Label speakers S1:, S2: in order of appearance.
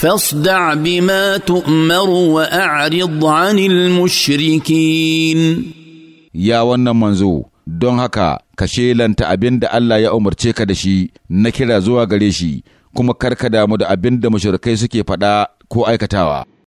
S1: فاصدع بما تؤمر وأعرض عن المشركين
S2: يا wannan manzo don haka ka shelanta abin da Allah ya umarce ka da shi na kira zuwa gare shi kuma kar ka damu da abin da mushrikai suke faɗa ko aikatawa